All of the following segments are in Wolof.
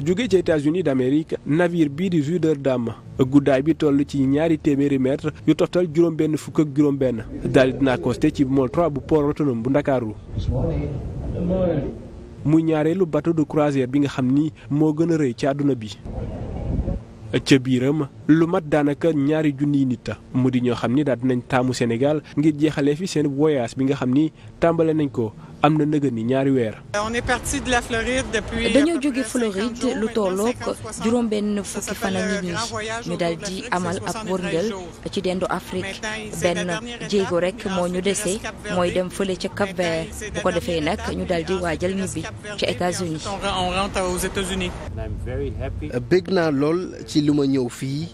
jóge ci États-Unis d'Amérique navire bii di Rotterdam guddaay bi toll ci ñaari téeméeri mètre yu toftal juróom-benn fukk ak juróom-benn daal dina accosté ci mol bu port autonome bu Ndakaaru muy ñaareelu bateau de croisière bi nga xam ni moo gën a rëy ci àdduna bi ca biiram lu mat daanaka ñaari junniy nit mu di ñoo xam ni daal dinañ taamu Sénégal ngir jeexale fi seen voyage bi nga xam ni tàmbale nañ ko am na nëgën ni ñaari weer. on est parti de la jóge Floride lu tolloog juróom benn fukki fan ak nit euh, ñu daal di amal ab wërngël ci dendu Afrique benn jéego rek moo ñu dese mooy dem fële ca Cap Vert bu ko defee nag ñu daal di waajal ñibbi ca États-Unis. bëgg naa lool ci lu ma ñëw fii.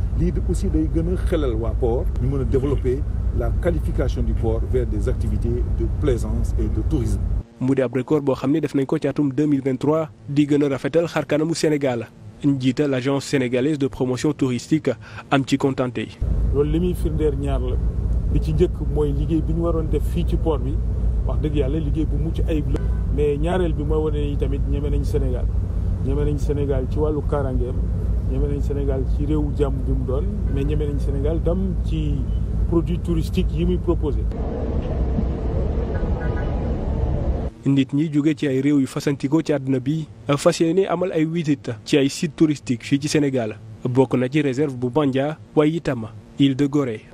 lii aussi day gën a xelal waa port ñu mën a développer la qualification du port vers des activités de plaisance et de tourisme mu di ab record boo xam ne def nañ ko ci atum 2023 di gën a rafetal xar kanamu Sénégal njiital l' agence sénégalaise de promotion touristique am ci contenté yi loolu li muy firndeer ñaar la bi ci njëkk mooy liggéey bi ñu waroon def fii ci port bi wax dëgg yàlla liggéey bu mucc ayib la mais ñaareel bi mooy wane ni tamit ñeme nañ Sénégal ñeme nañ Sénégal ci wàllu kaaraangeem ñeme nañ senegal ci réewu jàmm bi mu doon mais ñeme nañ senegal dam ci produit touristique yi muy proposé. nit ñi jóge ci ay réew yu fasantikoo ci àdduna bi fas yéene amal ay wisit ci ay sites touristiques fii ci Sénégal bokk na ci réserve bu Bandia waaye itam île de gore